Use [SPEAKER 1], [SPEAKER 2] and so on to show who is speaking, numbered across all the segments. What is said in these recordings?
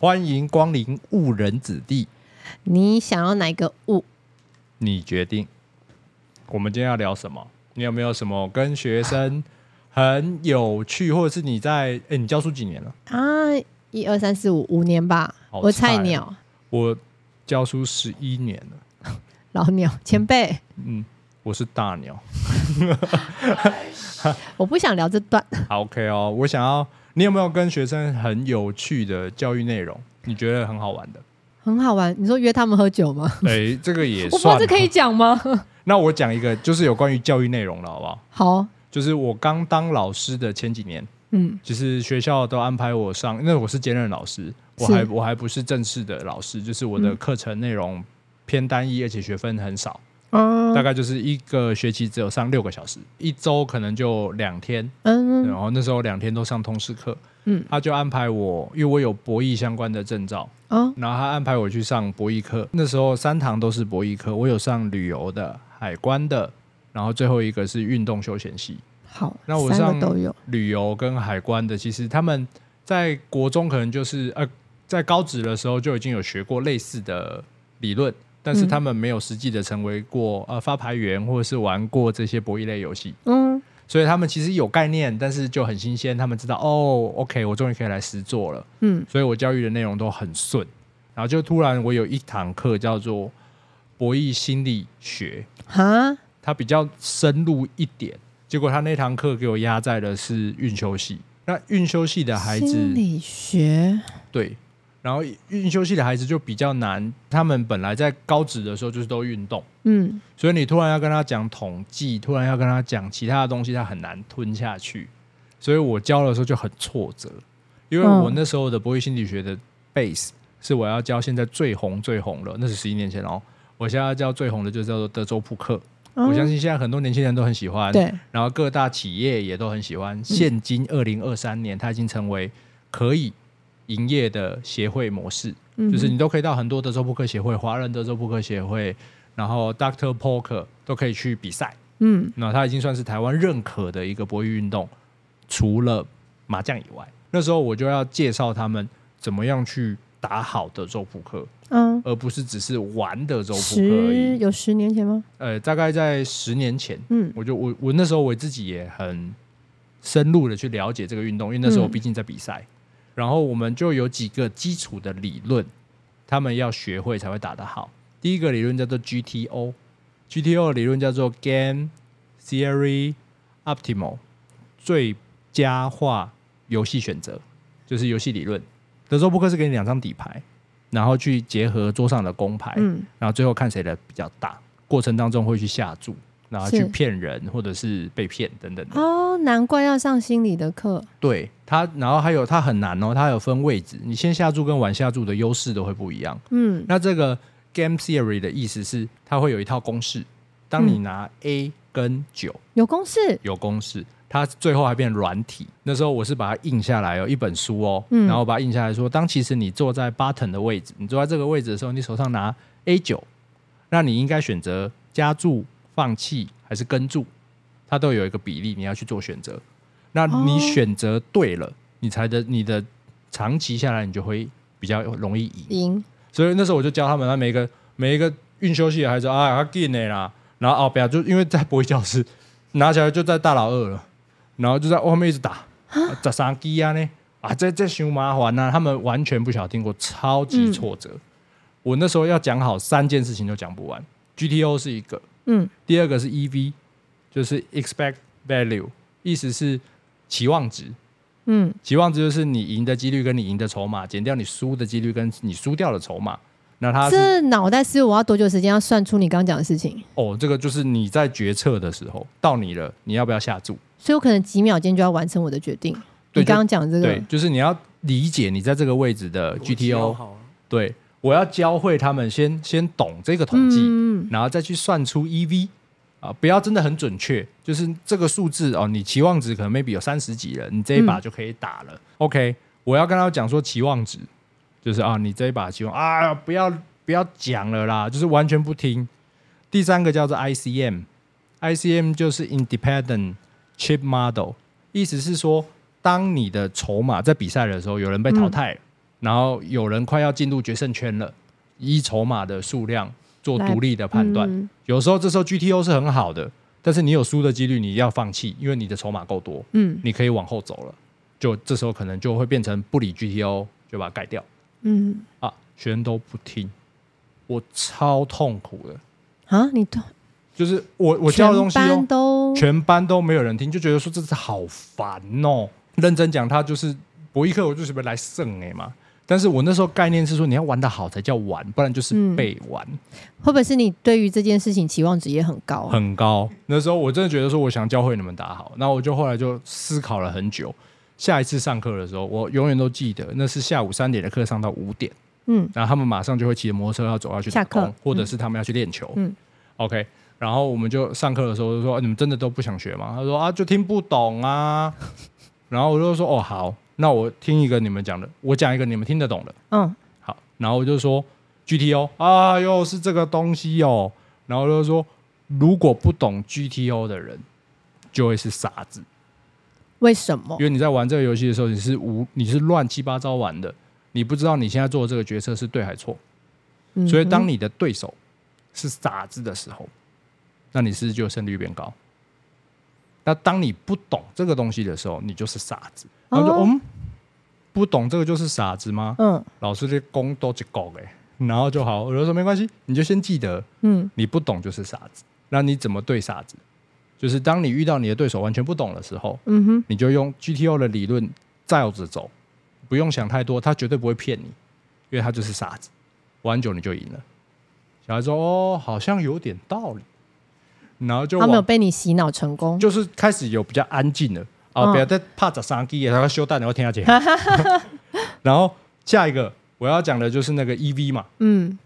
[SPEAKER 1] 歡迎光臨誤人子弟。
[SPEAKER 2] 你想要哪一個誤？
[SPEAKER 1] 你決定。我們今天要聊什麼？你有沒有什麼跟學生很有趣，或者是你在？欸、你教書幾年
[SPEAKER 2] 了？啊，一二三四五，五年吧。我菜鳥。
[SPEAKER 1] 我教書十一年了。
[SPEAKER 2] 老鳥前輩、嗯。
[SPEAKER 1] 嗯，我是大鳥。
[SPEAKER 2] 我不想聊這段。
[SPEAKER 1] 好，OK 哦，我想要。你有沒有跟學生很有趣的教育內容？你覺得很好玩的？
[SPEAKER 2] 很好玩。你說約他們喝酒嗎？
[SPEAKER 1] 哎、欸，這個也算，我是可以
[SPEAKER 2] 講嗎？
[SPEAKER 1] 那我講一個，就是有關於教育內容了，好不好？好、哦，就是我剛當老師的前幾年，嗯，就是學校都安排我上，因為我是兼任老師，我還我還不是正式的老師，就是我的課程內容偏單一，而且學分很少。
[SPEAKER 2] Uh, 大概
[SPEAKER 1] 就是一個學期只有上六個小時，一週可能就兩天、嗯，然後那時候兩天都上通識課、嗯，他就安排我，因為我有博弈相關的證照，uh, 然後他安排我去上博弈課，那時候三堂都是博弈課，我有上旅遊的、海關的，然後最後一個是運動休閒系，
[SPEAKER 2] 好，那我三個都有
[SPEAKER 1] 旅遊跟海關的，其實他們在國中可能就是呃，在高職的時候就已經有學過類似的理論。但是他們沒有實際的成為過、嗯、呃發牌員，或者是玩過這些博弈類遊戲，嗯，所以他們其實有概念，但是就很新鮮。他們知道哦，OK，我終於可以來實做了，嗯，所以我教育的內容都很順。然後就突然我有一堂課叫做博弈心理學，
[SPEAKER 2] 哈，
[SPEAKER 1] 他比較深入一點。結果他那堂課給我壓在的是運休系，那運休系的孩子
[SPEAKER 2] 心理學
[SPEAKER 1] 對。然後運休系的孩子就比較難，他們本來在高職的時候就是都運動，嗯，所以你突然要跟他講統計，突然要跟他講其他的東西，他很難吞下去，所以我教的時候就很挫折，因為我那時候的博弈心理學的 base、嗯、是我要教現在最紅最紅的。那是十一年前哦，我現在要教最紅的就是叫做德州撲克、嗯，我相信現在很多年輕人都很喜歡，對，然後各大企業也都很喜歡，現今二零二三年，它、嗯、已經成為可以。營業的協會模式、嗯，就是你都可以到很多德州撲克協會、華人德州撲克協會，然後 Doctor Poker 都可以去比賽。嗯，那他已經算是台灣認可的一個博弈運動，除了麻將以外，那時候我就要介紹他們怎麼樣去打好的德州撲克，
[SPEAKER 2] 嗯，
[SPEAKER 1] 而不是只是玩德州撲克而已。十
[SPEAKER 2] 有十年前嗎？
[SPEAKER 1] 呃，大概在十年前，嗯，我就我我那時候我自己也很深入的去了解這個運動，因為那時候我畢竟在比賽。然後我們就有幾個基礎的理論，他們要學會才會打得好。第一個理論叫做 GTO，GTO GTO 理論叫做 Game Theory Optimal，最佳化遊戲選擇，就是遊戲理論。德州撲克是給你兩張底牌，然後去結合桌上的公牌、嗯，然後最後看誰的比較大。過程當中會去下注。然後去騙人，或者是被騙等等。哦，
[SPEAKER 2] 難怪要上心理的課。
[SPEAKER 1] 對它，然後還有它很難哦，它有分位置，你先下注跟晚下注的優勢都會不一樣。嗯，那這個 Game Theory 的意思是，它會有一套公式。當你拿 A 跟九，嗯，
[SPEAKER 2] 有公式，
[SPEAKER 1] 有公式，它最後還變軟體。那時候我是把它印下來哦，一本書哦，嗯、然後把它印下來說，當其實你坐在 Button 的位置，你坐在這個位置的時候，你手上拿 A 九，那你應該選擇加注。放棄還是跟注，它都有一個比例，你要去做選擇。那你選擇對了，你才的你的長期下來，你就會比較容易贏，贏。所以那時候我就教他們，他每一個每一個運修系、哎、孩子啊，他進咧啦，然後哦不要，就因為在博弈教室拿起來就在大老二了，然後就在外面一直打，十三支啊，呢？啊，這這熊麻煩吶！他們完全不曉得聽過超級挫折、嗯。我那時候要講好三件事情都講不完，GTO 是一個。嗯，第二個是 EV，就是 Expect Value，意思是期望值。嗯，期望值就是你贏的幾率跟你贏的籌碼減掉你輸的幾率跟你輸掉的籌碼。那他是
[SPEAKER 2] 這腦袋是我，我要多久時間要算出你剛剛講的事情？
[SPEAKER 1] 哦、oh，這個就是你在決策的時候，到你了，你要不要下注？
[SPEAKER 2] 所以我可能幾秒間就要完成我的決定。你剛剛講這個，對，
[SPEAKER 1] 就是你要理解你在這個位置的 GTO。對。我要教會他們先先懂這個統計、嗯，然後再去算出 EV 啊，不要真的很準確，就是這個數字哦，你期望值可能 maybe 有三十幾人，你這一把就可以打了。嗯、OK，我要跟他講說期望值就是啊，你這一把期望啊，不要不要講了啦，就是完全不聽。第三個叫做 ICM，ICM ICM 就是 Independent Chip Model，意思是說，當你的籌碼在比賽的時候，有人被淘汰了。嗯然後有人快要進入決勝圈了，依籌碼的數量做獨立的判斷、嗯。有時候這時候 GTO 是很好的，但是你有輸的幾率，你要放棄，因為你的籌碼夠多，嗯，你可以往後走了。就這時候可能就會變成不理 GTO，就把它改掉，嗯，啊，全都不聽，我超痛苦的。
[SPEAKER 2] 啊，你都
[SPEAKER 1] 就是我我教的東西、哦、全
[SPEAKER 2] 班、全
[SPEAKER 1] 班都沒有人聽，就覺得說這次好煩哦。認真講，他就是博弈課，我就準備來勝哎嘛。但是我那時候概念是說，你要玩得好才叫玩，不然就是被玩。
[SPEAKER 2] 或者是你對於這件事情期望值也很高，
[SPEAKER 1] 很高。那時候我真的覺得說，我想教會你們打好。那我就後來就思考了很久。下一次上課的時候，我永遠都記得，那是下午三點的課上到五點。嗯，然後他們馬上就會騎著摩托車要走要去下課、嗯，或者是他們要去練球。嗯，OK。然後我們就上課的時候就說、啊：“你們真的都不想學嗎？”他說：“啊，就聽不懂啊。”然後我就說：“哦，好。”那我聽一個你們講的，我講一個你們聽得懂的。嗯，好，然後我就說 GTO 啊，又是這個東西哦。然後就說，如果不懂 GTO 的人，就會是傻子。
[SPEAKER 2] 為什麼？因為
[SPEAKER 1] 你在玩這個遊戲的時候，你是無，你是亂七八糟玩的，你不知道你現在做的這個決策是對還錯。
[SPEAKER 2] 所以當你
[SPEAKER 1] 的對手是傻子的時候，那你是不是就勝率變高？那當你不懂這個東西的時候，你就是傻子。他說：“就、哦、嗯、哦，不懂這個就是傻子嗎？”嗯。老師就攻多就攻哎，然後就好。我就說：“沒關係，你就先記得。”嗯。你不懂就是傻子、嗯，那你怎麼對傻子？就是當你遇到你的對手完全不懂的時候，嗯哼，你就用 GTO 的理論照着走，不用想太多，他絕對不會騙你，因為他就是傻子。玩久你就贏了。小孩說：“哦，好像有點道理。”然後就他沒有
[SPEAKER 2] 被你洗腦成功，就是
[SPEAKER 1] 開始有比較安靜的啊，不要再怕砸三 G，然後他修蛋，然後聽下去。
[SPEAKER 2] 然
[SPEAKER 1] 後下一個我要講的就是那個 EV 嘛，嗯，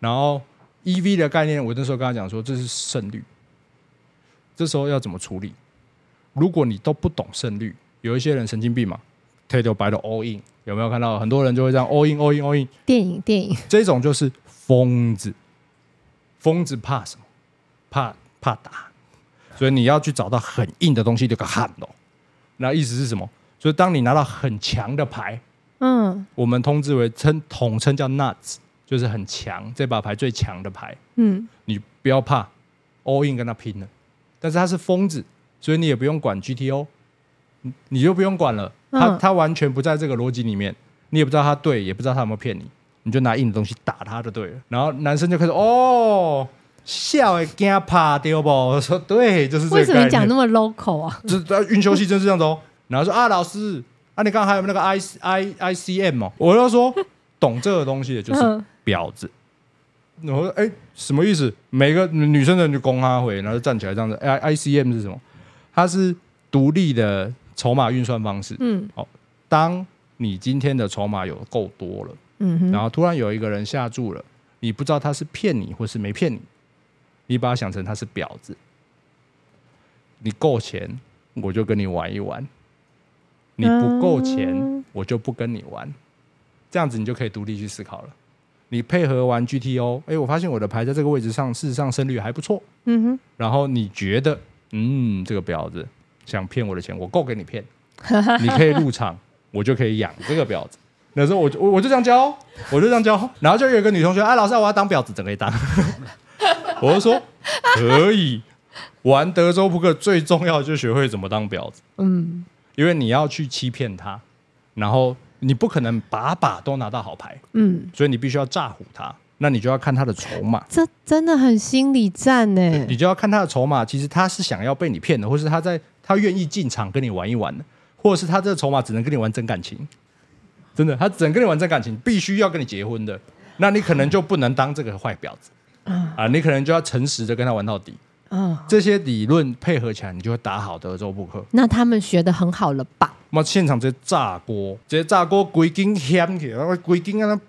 [SPEAKER 1] 然後 EV 的概念，我那時候跟他講說這是勝率，這時候要怎麼處理？如果你都不懂勝率，有一些人神經病嘛，推掉白到 all in，有沒有看到很多人就會這樣 all in all in all in？
[SPEAKER 2] 電影電影，
[SPEAKER 1] 這種就是瘋子，瘋子怕什麼？怕。怕打，所以你要去找到很硬的東西就可以喊咯。那意思是什麼？所以當你拿到很強的牌，嗯，我們通知為稱統稱叫 nuts，就是很強，這把牌最強的牌，
[SPEAKER 2] 嗯，
[SPEAKER 1] 你不要怕，all in 跟他拼了。但是他是瘋子，所以你也不用管 GTO，你就不用管了，他、嗯、他完全不在這個邏輯裡面，你也不知道他對，也不知道他有沒有騙你，你就拿硬的東西打他就對了。然後男生就開始哦。笑，驚怕掉不？我說對，就是。為什麼你講那
[SPEAKER 2] 麼 local 啊？這
[SPEAKER 1] 運球系真是這樣子、哦。 然後說啊，老師啊，你剛才還有沒有那個 ICM、哦、我就說懂這個東西的就是婊子。 我說哎、欸，什麼意思？每個女生的女公阿然後就站起來這樣子。I、欸、ICM 是什麼？它是獨立的籌碼運算方式。嗯，好，當你今天的籌碼有夠多了，嗯哼，然後突然有一個人下注了，你不知道他是騙你或是沒騙你。你把它想成他是婊子，你夠錢，我就跟你玩一玩；你不夠錢，我就不跟你玩。這樣子你就可以獨立去思考了。你配合玩 GTO，哎、欸，我發現我的牌在這個位置上，事實上勝率還不錯，嗯。然後你覺得，嗯，這個婊子想騙我的錢，我夠給你騙，
[SPEAKER 2] 你可以入
[SPEAKER 1] 場， 我就可以養這個婊子。那時候我就我，我就這樣教，我就這樣教。然後就有一個女同學，哎、啊，老師，我要當婊子，怎麼可以當？ 我是說，可以玩德州撲克，最重要的就學會怎麼當婊子。
[SPEAKER 2] 嗯，
[SPEAKER 1] 因為你要去欺騙他，然後你不可能把把都拿到好牌。嗯，所以你必須要詐唬他。那你就要看他的籌碼。這
[SPEAKER 2] 真的很心理戰呢。
[SPEAKER 1] 你就要看他的籌碼，其實他是想要被你騙的，或是他在他願意進場跟你玩一玩的，或者是他這個籌碼只能跟你玩真感情。真的，他只能跟你玩真感情，必須要跟你結婚的，那你可能就不能當這個壞婊子。Uh, 啊，你可能就要誠實的跟他玩到底。啊、uh,，這些理論配合起來，你就會打好德州撲克。
[SPEAKER 2] 那他們學得很好了
[SPEAKER 1] 吧？那現場直接炸鍋，直接炸鍋起，鬼精天去，然後鬼精啊，他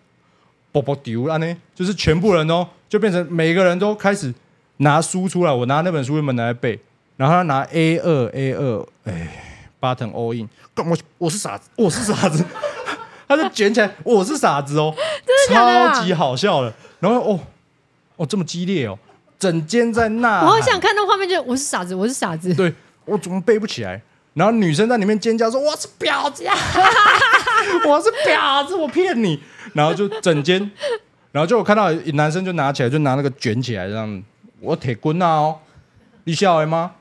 [SPEAKER 1] 包包丟了呢。就是全部人哦，就變成每個人都開始拿書出來，我拿那本書一本拿來背，然後他拿 A 二 A 二，哎，巴騰 all in，我、哦、我是傻子，我、哦、是傻子， 他就捲起來，我、哦、是傻子哦的的、啊，超級好笑的。然後哦。哦，這麼激烈哦！整間在那，我好想
[SPEAKER 2] 看到畫面就，就我是傻子，我是傻子。
[SPEAKER 1] 對，我怎麼背不起來？然後女生在裡面尖叫說：“我是
[SPEAKER 2] 婊子呀， 我是婊子，我騙
[SPEAKER 1] 你。”然後就整間，然後就我看到男生就拿起來，就拿那個卷起來這樣， 我鐵棍吶、啊、哦，你笑嗎？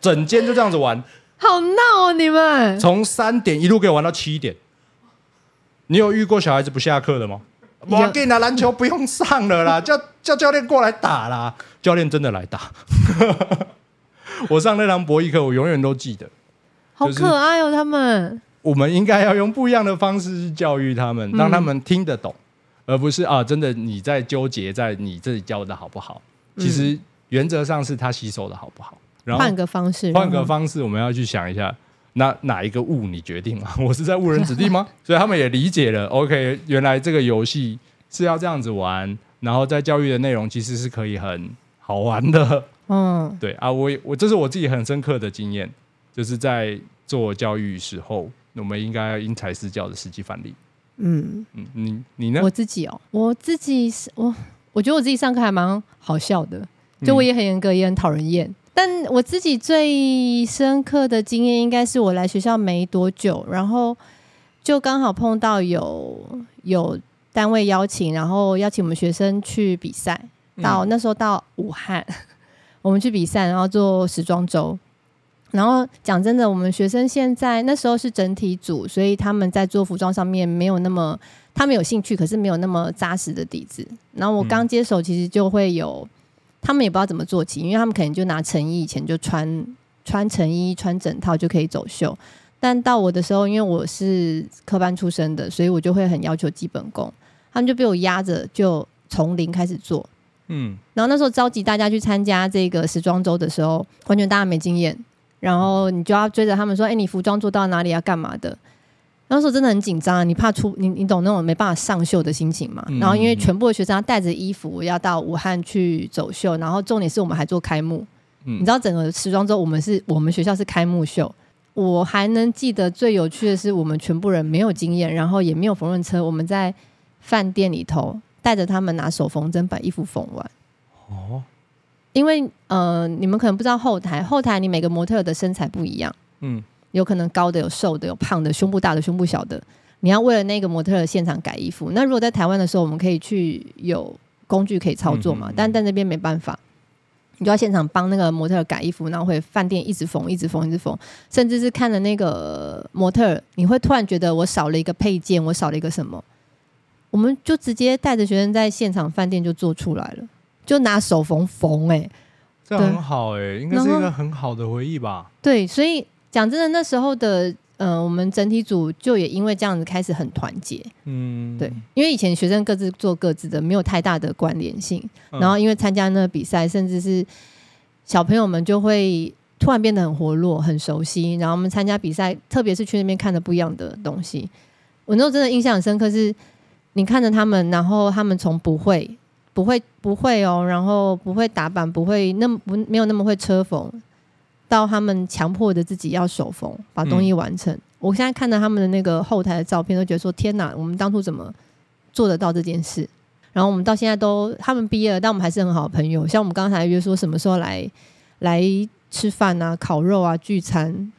[SPEAKER 1] 整間就這樣子玩，
[SPEAKER 2] 好鬧哦你們！
[SPEAKER 1] 從三點一路可以玩到七點，你有遇過小孩子不下課的嗎？我跟你講籃球，不用上了啦，叫叫教練過來打啦。教練真的來打。 我上那堂博弈課，我永遠都記得。
[SPEAKER 2] 好可愛哦，他們。就
[SPEAKER 1] 是、我們應該要用不一樣的方式去教育他們，讓他們聽得懂，嗯、而不是啊，真的你在糾結在你這裡教的好不好。嗯、其實原則上是他吸收的好不好。然後，換
[SPEAKER 2] 個方式，換個方
[SPEAKER 1] 式，我們要去想一下。那哪一個誤你決定了？我是在誤人子弟嗎？所以他們也理解了。 OK，原來這個遊戲是要這樣子玩，然後在教育的內容其實是可以很好玩的。嗯，對啊，我我這是我自己很深刻的經驗，就是在做教育時候，我們應該因材施教的實際範例。嗯
[SPEAKER 2] 嗯，你你呢？我自己哦，我自己是我，我覺得我自己上課還蠻好笑的，就我也很嚴格，也很討人厭。但我自己最深刻的經驗，應該是我來學校沒多久，然後就剛好碰到有有單位邀請，然後邀請我們學生去比賽。到、嗯、那時候到武漢，我們去比賽，然後做時裝週。然後講真的，我們學生現在那時候是整體組，所以他們在做服裝上面沒有那麼，他們有興趣，可是沒有那麼扎實的底子。然後我剛接手，其實就會有。嗯他們也不知道怎麼做起，因為他們可能就拿成衣，以前就穿穿成衣，穿整套就可以走秀。但到我的時候，因為我是科班出身的，所以我就會很要求基本功。他們就被我壓着，就從零開始做。嗯，然後那時候召集大家去參加這個時裝周的時候，完全大家沒經驗，然後你就要追着他們說：“哎，你服裝做到哪裡啊？要幹嘛的？”那時候真的很緊張啊，你怕出你你懂那種沒辦法上秀的心情嘛、嗯？然後因為全部的學生要帶着衣服要到武漢去走秀，然後重點是我們還做開幕，嗯、你知道整個時裝周我們是我們學校是開幕秀。我還能記得最有趣的是，我們全部人沒有經驗，然後也沒有縫紉車，我們在飯店裡頭帶着他們拿手縫針把衣服縫完。哦，因為呃，你們可能不知道後台，後台你每個模特的身材不一樣，嗯。有可能高的、有瘦的、有胖的、胸部大的、胸部小的，你要為了那個模特現場改衣服。那如果在台灣的時候，我們可以去有工具可以操作嘛？但在那邊沒辦法，你就要現場幫那個模特改衣服，然後會飯店一直縫一直縫一直縫，甚至是看了那個、呃、模特，你會突然覺得我少了一個配件，我少了一個什麼？我們就直接帶着學生在現場飯店就做出來了，就拿手縫縫哎，這樣很
[SPEAKER 1] 好哎、欸，應該是一個很好的回憶吧？
[SPEAKER 2] 對，所以。講真的，那時候的，呃，我們整體組就也因為這樣子開始很團結，嗯，對，因為以前學生各自做各自的，沒有太大的關聯性。然後因為參加那個比賽，嗯、甚至是小朋友們就會突然變得很活絡、很熟悉。然後我們參加比賽，特別是去那邊看着不一樣的東西，我那時候真的印象深刻是，是你看着他們，然後他們從不會、不會、不會哦，然後不會打板，不會那麼不沒有那麼會車縫。到他們強迫着自己要手縫，把東西完成、嗯。我現在看到他們的那個後台的照片，都覺得說天哪，我們當初怎麼做得到這件事？然後我們到現在都他們畢業了，但我們還是很好的朋友。像我們剛才約說什麼時候來來吃飯啊、烤肉啊、聚餐，嗯、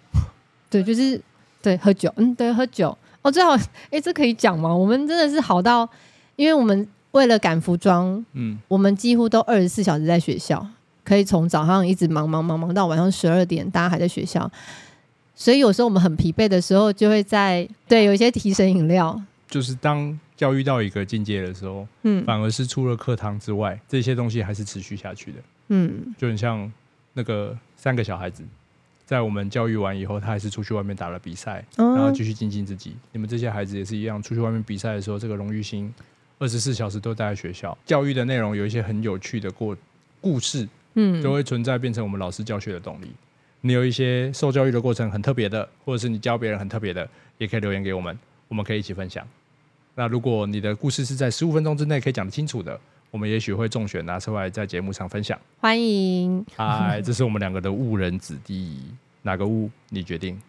[SPEAKER 2] 對，就是對喝酒，嗯，對喝酒哦，最好哎、欸，這可以講嗎？我們真的是好到，因為我們為了趕服裝，嗯，我們幾乎都二十四小時在學校。可以從早上一直忙忙忙忙到晚上十二點，大家還在學校，所以有時候我們很疲憊的時候，就會在對有一些提神飲料。
[SPEAKER 1] 就是當教育到一個境界的時候，嗯，反而是除了課堂之外，這些東西還是持續下去的。嗯，就很像那個三個小孩子，在我們教育完以後，他還是出去外面打了比賽，然後繼續精進自己、哦。你們這些孩子也是一樣，出去外面比賽的時候，這個榮譽心二十四小時都待在學校。教育的內容有一些很有趣的故故事。嗯，就會存在，變成我們老師教學的動力。你有一些受教育的過程很特別的，或者是你教別人很特別的，也可以留言給我們，我們可以一起分享。那如果你的故事是在十五分鐘之內可以講得清楚的，我們也許會中選，拿出來在節目上分享。
[SPEAKER 2] 歡迎，
[SPEAKER 1] 來，這是我們兩個的誤人子弟，哪個誤你決定。